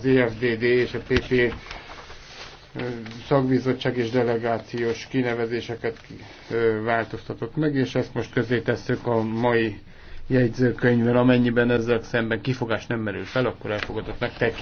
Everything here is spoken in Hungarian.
az IFDD e és a PP szakbizottság és delegációs kinevezéseket változtatott meg, és ezt most közé tesszük a mai jegyzőkönyvvel, amennyiben ezzel szemben kifogás nem merül fel, akkor elfogadottnak tekintjük.